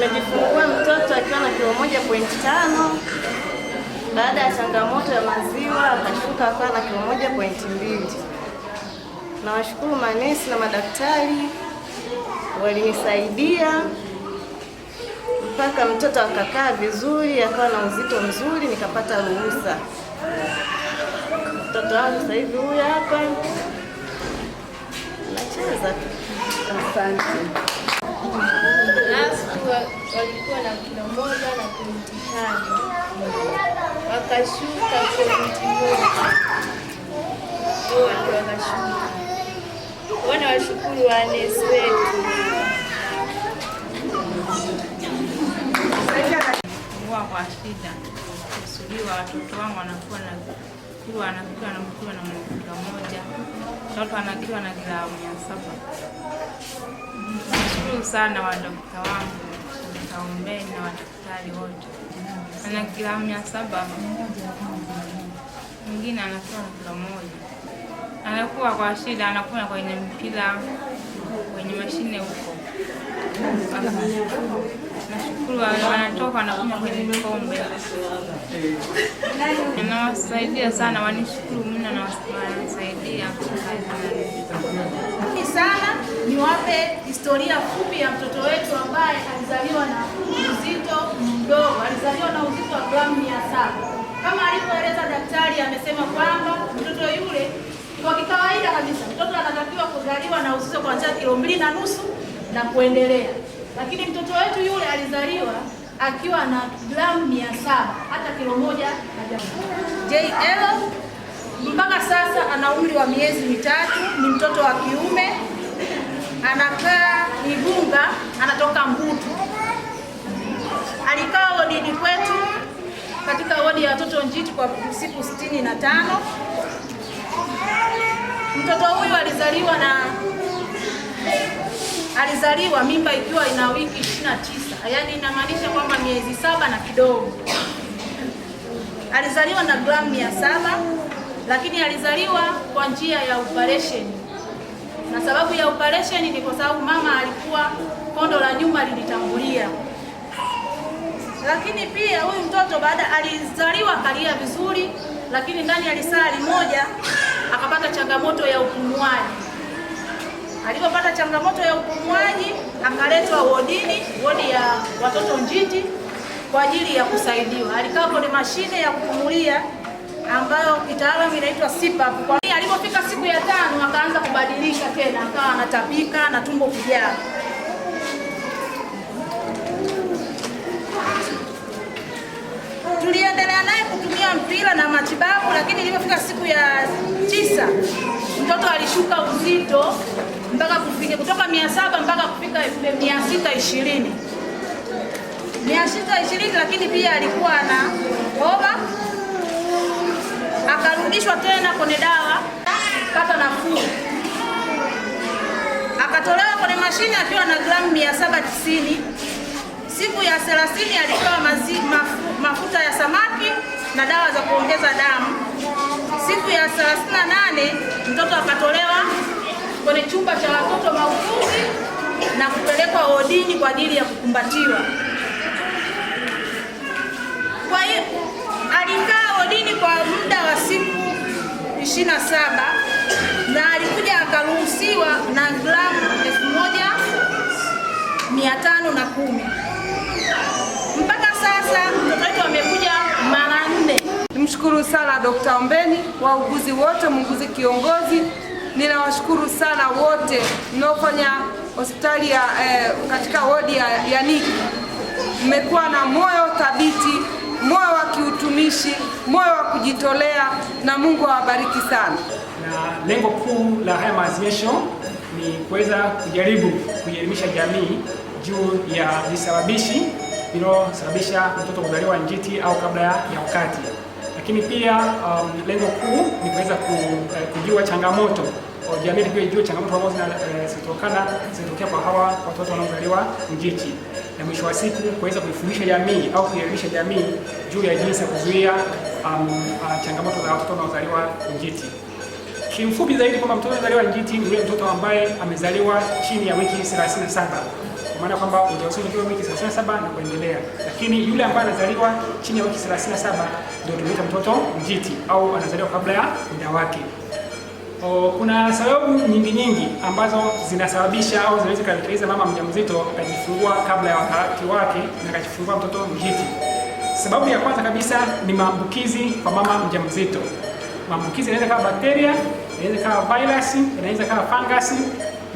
Nimejifungua mtoto akiwa na kilo moja pointi tano baada ya changamoto ya maziwa akashuka akawa na kilo moja pointi mbili. Nawashukuru manesi na madaktari walinisaidia mpaka mtoto akakaa vizuri, akawa na uzito mzuri, nikapata ruhusa. Mtoto wangu sasa hivi huyu hapa nacheza Asante walikuwa na kilo moja na pointi tano wakashuka pointi moja wote wakashuka. Wana washukuru wanesi wetu kuwa kwa shida kusuliwa, watoto wangu wanakuwa na kuwa anakiwa na mkiwa na kilo moja, mtoto anakiwa na gramu mia saba. Nashukuru sana wadokta wangu waombee na wadaktari wote. Ana kila mia saba mwingine anakuwa kilo moja, anakuwa kwa shida, anakuwa kwenye mpira kwenye mashine huko. Nashukuru wanatoka wanakuma kwenye vikombe, anawasaidia sana, wanishukuru mno, nawasaidia sana niwape historia fupi ya mtoto wetu ambaye alizaliwa na uzito mdogo, alizaliwa na uzito wa gramu mia saba kama alivyoeleza daktari. Amesema kwamba mtoto yule kwa kikawaida kabisa mtoto anatakiwa kuzaliwa na uzito kuanzia kilo mbili na nusu na kuendelea, lakini mtoto wetu yule alizaliwa akiwa na gramu mia saba hata kilo moja na JL mpaka sasa ana umri wa miezi mitatu, ni mtoto wa kiume anakaa Igunga, anatoka Mbutu, alikaa wodini kwetu katika wodi ya watoto njiti kwa siku sitini na tano. Mtoto huyu alizaliwa na alizaliwa mimba ikiwa ina wiki 29, yaani inamaanisha kwamba miezi saba na kidogo. Alizaliwa na gramu mia saba, lakini alizaliwa kwa njia ya operesheni na sababu ya operation ni kwa sababu mama alikuwa kondo la nyuma lilitangulia, lakini pia huyu mtoto baada alizaliwa akalia vizuri, lakini ndani ya lisali moja akapata changamoto ya upumuaji. Alipopata changamoto ya upumuaji akaletwa wodini, wodi ya watoto njiti kwa ajili ya kusaidiwa. Alikaa kwenye mashine ya kupumulia ambayo kitaalamu inaitwa CPAP. Ilipofika siku ya tano akaanza kubadilika tena, akawa anatapika na tumbo kujaa. Tuliendelea naye kutumia mpira na matibabu, lakini ilipofika siku ya tisa mtoto alishuka uzito mpaka kufika kutoka mia saba mpaka kufika mia sita ishirini mia sita ishirini lakini pia alikuwa na homa, akarudishwa tena kwenye dawa akapata nafuu, akatolewa kwenye mashine akiwa na gramu 790. Siku ya 30 alipewa mafu, mafuta ya samaki na dawa za kuongeza damu. Siku ya 38 mtoto akatolewa kwenye chumba cha watoto mahututi na kupelekwa wodini kwa ajili ya kukumbatiwa. Kwa hiyo alikaa wodini kwa muda wa siku 27 na alikuja akaruhusiwa na gramu elfu moja mia tano na kumi. Mpaka sasa mtoto wetu amekuja mara nne. Nimshukuru sana Dokta Ombeni, wauguzi wote, muuguzi kiongozi. Ninawashukuru sana wote mnaofanya hospitali ya eh, katika wodi ya, ya Niki. Mmekuwa na moyo thabiti, moyo wa kiutumishi moyo wa kujitolea, na Mungu awabariki sana. Na lengo kuu la haya maazimisho ni kuweza kujaribu kuielimisha jamii juu ya visababishi vinavyosababisha mtoto kuzaliwa njiti au kabla ya wakati, lakini pia um, lengo kuu ni kuweza eh, kujua changamoto jamii ijue changamoto ambazo zinatokana eh, zinatokea kwa hawa watoto wanaozaliwa njiti na mwisho wa siku kuweza kuifundisha jamii au kuelimisha jamii juu ya jinsi ya kuzuia um, uh, changamoto za watoto wanaozaliwa njiti. Kimfupi zaidi kwamba mtoto anazaliwa njiti ni yule mtoto ambaye amezaliwa chini ya wiki 37 kwa maana kwamba ujauzito ukiwa wiki 37 na kuendelea, lakini yule ambaye anazaliwa chini ya wiki 37 ndio tunaita mtoto njiti au anazaliwa kabla ya muda wake. O, kuna sababu nyingi nyingi ambazo zinasababisha au zinaweza kumtatiza mama mjamzito akajifungua kabla ya wakati wake na akajifungua mtoto njiti. Sababu ya kwanza kabisa ni maambukizi kwa mama mjamzito. Maambukizi yanaweza kama bakteria, yanaweza kama virus, yanaweza kama fungus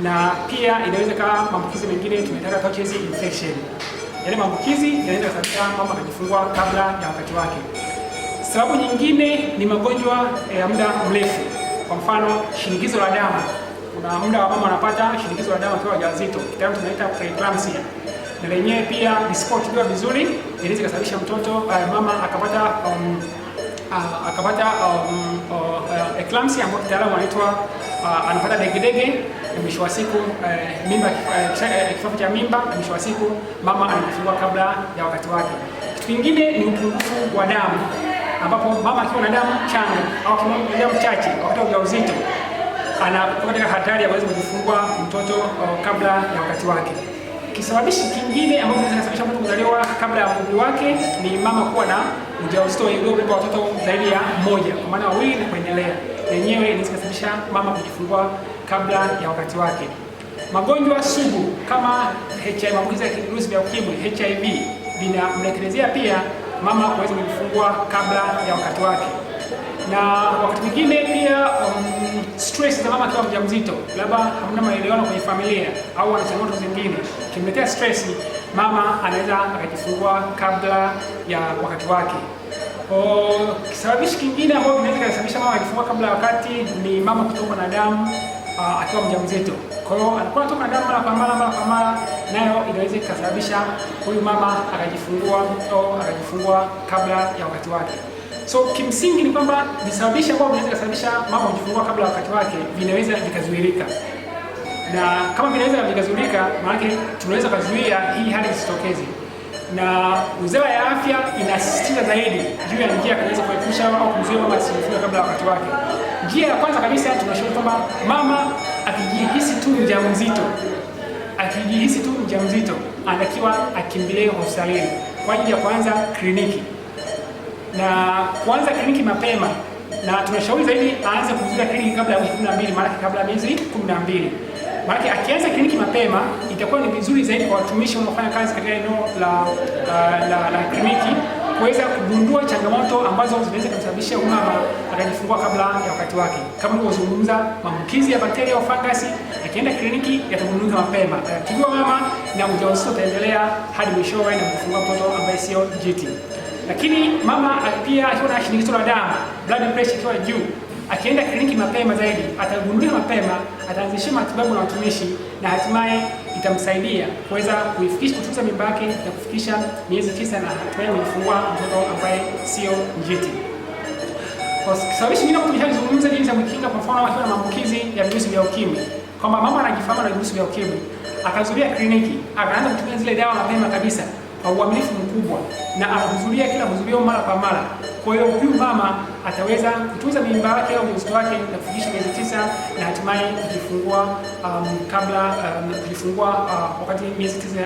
na pia inaweza kama maambukizi mengine tunaita touches infection. Yale yaani maambukizi yanaweza kusababisha mama akajifungua kabla ya wakati wake. Sababu nyingine ni magonjwa eh, ya muda mrefu. Kwa mfano shinikizo la damu, kuna muda wa mama anapata shinikizo la damu akiwa mjamzito, kitaalamu tunaita preeclampsia, na lenyewe pia kwa vizuri inaweza kusababisha mtoto uh, mama akapata um, uh, akapata um, uh, eclampsia ambayo kitaalamu wanaitwa uh, ah, anapata degedege mwisho wa siku uh, mimba uh, eh, kifafu cha mimba, mwisho wa siku mama anajifungua kabla ya wakati wake. Kitu kingine ni upungufu wa damu ambapo mama akiwa na damu changa au na damu chache wakati wa ujauzito anakuwa katika hatari ya kuweza kujifungua mtoto uh, kabla ya wakati wake. Kisababishi kingine ambacho kinaweza kusababisha mtu kuzaliwa kabla ya umri wake ni mama kuwa na ujauzito uliobeba watoto zaidi ya mmoja, kwa maana wawili na kuendelea, yenyewe inaweza kusababisha mama kujifungua kabla ya wakati wake. Magonjwa sugu kama HIV, maambukizi ya virusi vya ukimwi HIV, vinamletelezea pia mama kuweza kujifungua kabla ya wakati wake. Na wakati mwingine pia um, stress za mama akiwa mjamzito, labda hamna maelewano kwenye familia au ana changamoto zingine, kimletea stress, mama anaweza akajifungua kabla ya wakati wake. Kisababishi kingine ambacho kinaweza kusababisha mama ajifungua kabla ya wakati ni mama kutokwa na damu uh, akiwa mjamzito. Kwa hiyo alikuwa anatoka damu mara kwa mara mara kwa mara, nayo inaweza ikasababisha huyu mama akajifungua au akajifungua kabla ya wakati wake. So kimsingi ni kwamba visababisha ambavyo vinaweza kusababisha mama kujifungua kabla ya wakati wake vinaweza vikazuilika, na kama vinaweza vikazuilika, maanake tunaweza kuzuia hii hali isitokeze na Wizara ya Afya inasisitiza zaidi juu ya njia ya kuweza kuepusha au kumzuia mama asijifungue kabla ya wakati wake. Njia ya kwanza kabisa tunashauri kwamba mama akijihisi tu mjamzito, akijihisi tu mjamzito anatakiwa akimbilie hospitalini kwa ajili ya kuanza kliniki na kuanza kliniki mapema, na tunashauri zaidi aanze kuhudhuria kliniki kabla ya wiki 12, maana kabla ya miezi 12. Maana akianza kliniki mapema itakuwa ni vizuri zaidi kwa watumishi wanaofanya kazi katika eneo la, la, uh, la, la kliniki kuweza kugundua changamoto ambazo zinaweza kusababisha umama akajifungua kabla ya wakati wake. Kama nilivyozungumza, maambukizi ya bakteria au fangasi yakienda kliniki yatagundulika mapema, atatibiwa eh, mama na ujauzito utaendelea hadi mwishowe na kujifungua mtoto ambaye sio njiti. Lakini mama eh, pia akiwa na shinikizo la damu, blood pressure ikiwa juu akienda kliniki mapema zaidi atagundulika mapema, ataanzishiwa matibabu na watumishi na hatimaye itamsaidia kuweza kuifikisha kutunza mimba yake na kufikisha miezi tisa na hatimaye kujifungua mtoto ambaye sio njiti. Kwa sababu nyingine tumeshazungumza jinsi ya kujikinga, kwa mfano akiwa na maambukizi ya virusi vya ukimwi, kwamba mama anajifahamu na virusi vya ukimwi, akazuria kliniki, akaanza kutumia zile dawa mapema kabisa kwa uaminifu mkubwa, na akahudhuria kila mahudhurio mara kwa mara kwa hiyo huyu mama ataweza kutunza mimba yake au mtoto wake na kufikisha miezi tisa na hatimaye kujifungua um, kabla um, kujifungua uh, wakati miezi tisa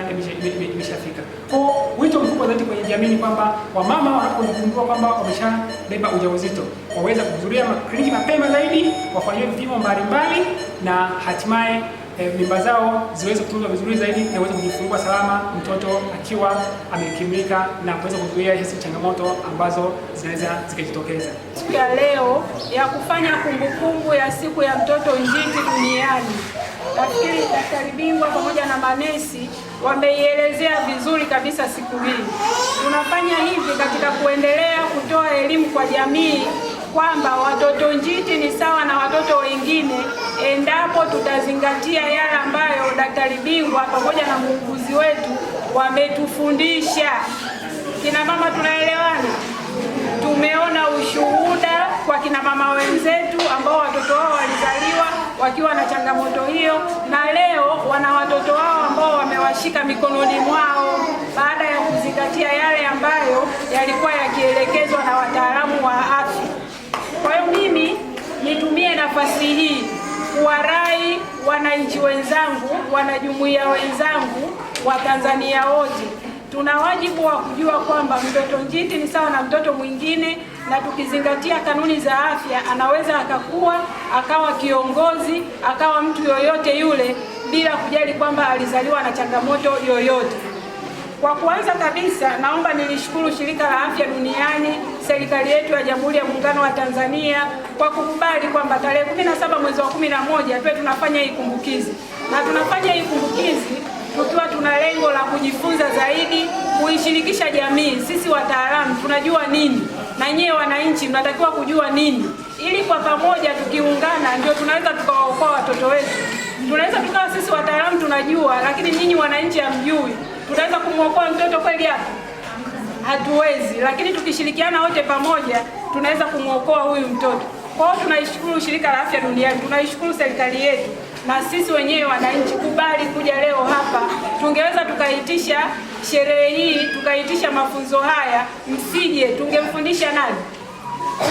imeshafika. Kwa wito mkubwa zaidi kwenye jamii ni kwamba wamama wanapojifungua kwamba wameshabeba ujauzito waweza kuhudhuria kliniki mapema zaidi, wafanyiwe vipimo mbalimbali na hatimaye Eh, mimba zao ziweze kutunzwa vizuri zaidi na uweze kujifungua salama mtoto akiwa amekimlika na kuweza kuzuia hizi changamoto ambazo zinaweza zikajitokeza. Siku ya leo ya kufanya kumbukumbu ya siku ya mtoto njiti duniani, nafikiri daktari bingwa pamoja na manesi wameielezea vizuri kabisa siku hii. Tunafanya hivi katika kuendelea kutoa elimu kwa jamii kwamba watoto njiti ni sawa na watoto wengine endapo tutazingatia yale ambayo daktari bingwa pamoja na muuguzi wetu wametufundisha. Kina mama tunaelewana? Tumeona ushuhuda kwa kina mama wenzetu ambao watoto wao walizaliwa wakiwa na changamoto hiyo, na leo wana watoto wao ambao wamewashika mikononi mwao baada ya kuzingatia yale ambayo yalikuwa yakielekezwa na wataalamu wa afya nitumie nafasi hii kuwarai wananchi wenzangu, wanajumuiya wenzangu wa Tanzania wote, tuna wajibu wa kujua kwamba mtoto njiti ni sawa na mtoto mwingine, na tukizingatia kanuni za afya, anaweza akakuwa akawa kiongozi, akawa mtu yoyote yule bila kujali kwamba alizaliwa na changamoto yoyote. Kwa kwanza kabisa, naomba nilishukuru shirika la afya duniani, serikali yetu ya Jamhuri ya Muungano wa Tanzania kwa kukubali kwamba tarehe 17 mwezi wa 11 tuwe tunafanya hii kumbukizi, na tunafanya hii kumbukizi tukiwa tuna lengo la kujifunza zaidi, kuishirikisha jamii. Sisi wataalamu tunajua nini na nyewe wananchi mnatakiwa kujua nini, ili kwa pamoja tukiungana, ndio tunaweza tukawaokoa watoto wetu. Tunaweza tukawa sisi wataalamu tunajua, lakini nyinyi wananchi hamjui Tunaweza kumwokoa mtoto kweli hapa? Hatuwezi, lakini tukishirikiana wote pamoja tunaweza kumwokoa huyu mtoto. Kwa hiyo tunaishukuru shirika la afya duniani, tunaishukuru serikali yetu na sisi wenyewe wananchi kubali kuja leo hapa. Tungeweza tukaitisha sherehe hii, tukaitisha mafunzo haya, msije, tungemfundisha nani?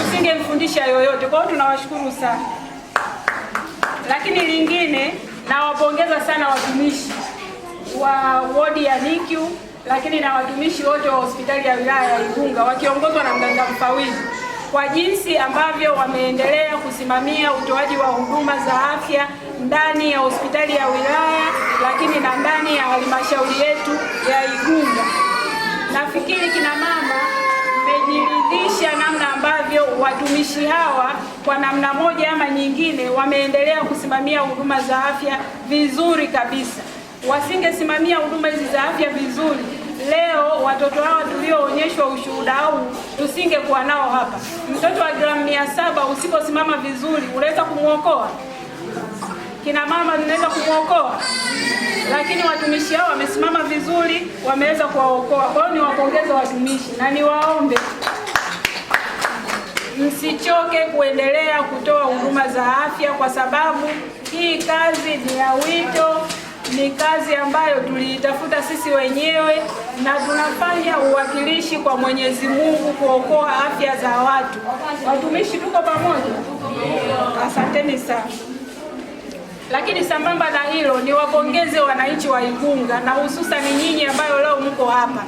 Tusingemfundisha yoyote. Kwa hiyo tunawashukuru sana, lakini lingine nawapongeza sana watumishi wa wodi ya NICU, lakini na watumishi wote wa hospitali ya wilaya ya Igunga wakiongozwa na mganga mfawidhi kwa jinsi ambavyo wameendelea kusimamia utoaji wa huduma za afya ndani ya hospitali ya wilaya, lakini na ndani ya halmashauri yetu ya Igunga. Nafikiri kina mama mmejiridhisha namna ambavyo watumishi hawa kwa namna moja ama nyingine wameendelea kusimamia huduma za afya vizuri kabisa wasingesimamia huduma hizi za afya vizuri, leo watoto hawa tulioonyeshwa ushuhuda huu tusingekuwa nao hapa. Mtoto wa gramu mia saba usiposimama vizuri, unaweza kumwokoa? Kina mama, tunaweza kumwokoa? Lakini watumishi hao wamesimama vizuri, wameweza kuwaokoa. Kwa hiyo niwapongeze watumishi na niwaombe msichoke kuendelea kutoa huduma za afya, kwa sababu hii kazi ni ya wito ni kazi ambayo tuliitafuta sisi wenyewe na tunafanya uwakilishi kwa Mwenyezi Mungu kuokoa afya za watu. Watumishi, tuko pamoja? Asanteni sana. Lakini sambamba na hilo, niwapongeze wananchi wa Igunga na hususani nyinyi ambayo leo mko hapa,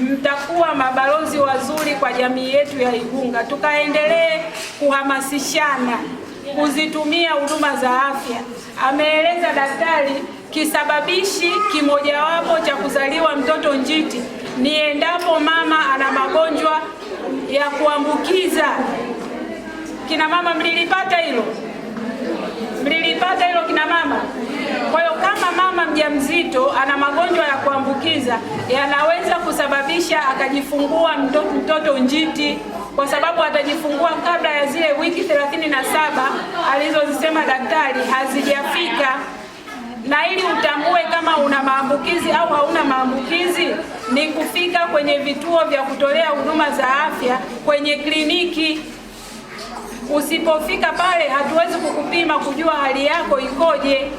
mtakuwa mabalozi wazuri kwa jamii yetu ya Igunga. Tukaendelee kuhamasishana kuzitumia huduma za afya. Ameeleza daktari Kisababishi kimojawapo cha kuzaliwa mtoto njiti ni endapo mama ana magonjwa ya kuambukiza. Kina mama mlilipata hilo? Mlilipata hilo kina mama? Kwa hiyo kama mama mjamzito ana magonjwa ya kuambukiza yanaweza kusababisha akajifungua mtoto, mtoto njiti kwa sababu atajifungua kabla ya zile wiki 37 alizozisema daktari hazijafika na ili utambue kama una maambukizi au hauna maambukizi ni kufika kwenye vituo vya kutolea huduma za afya, kwenye kliniki. Usipofika pale, hatuwezi kukupima kujua hali yako ikoje,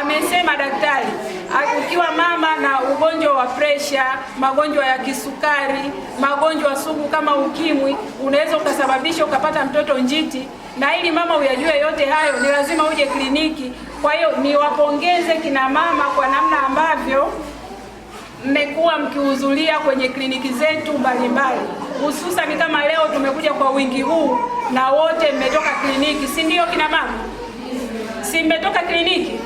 amesema daktari. Ukiwa mama na ugonjwa wa presha, magonjwa ya kisukari, magonjwa sugu kama ukimwi, unaweza ukasababisha ukapata mtoto njiti, na ili mama uyajue yote hayo, ni lazima uje kliniki kwa hiyo niwapongeze kina mama kwa namna ambavyo mmekuwa mkihudhuria kwenye kliniki zetu mbalimbali, hususani kama leo tumekuja kwa wingi huu na wote mmetoka kliniki, si ndio? Kina mama si mmetoka kliniki,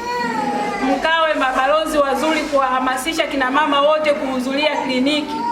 mkawe mabalozi wazuri kuwahamasisha kina mama wote kuhudhuria kliniki.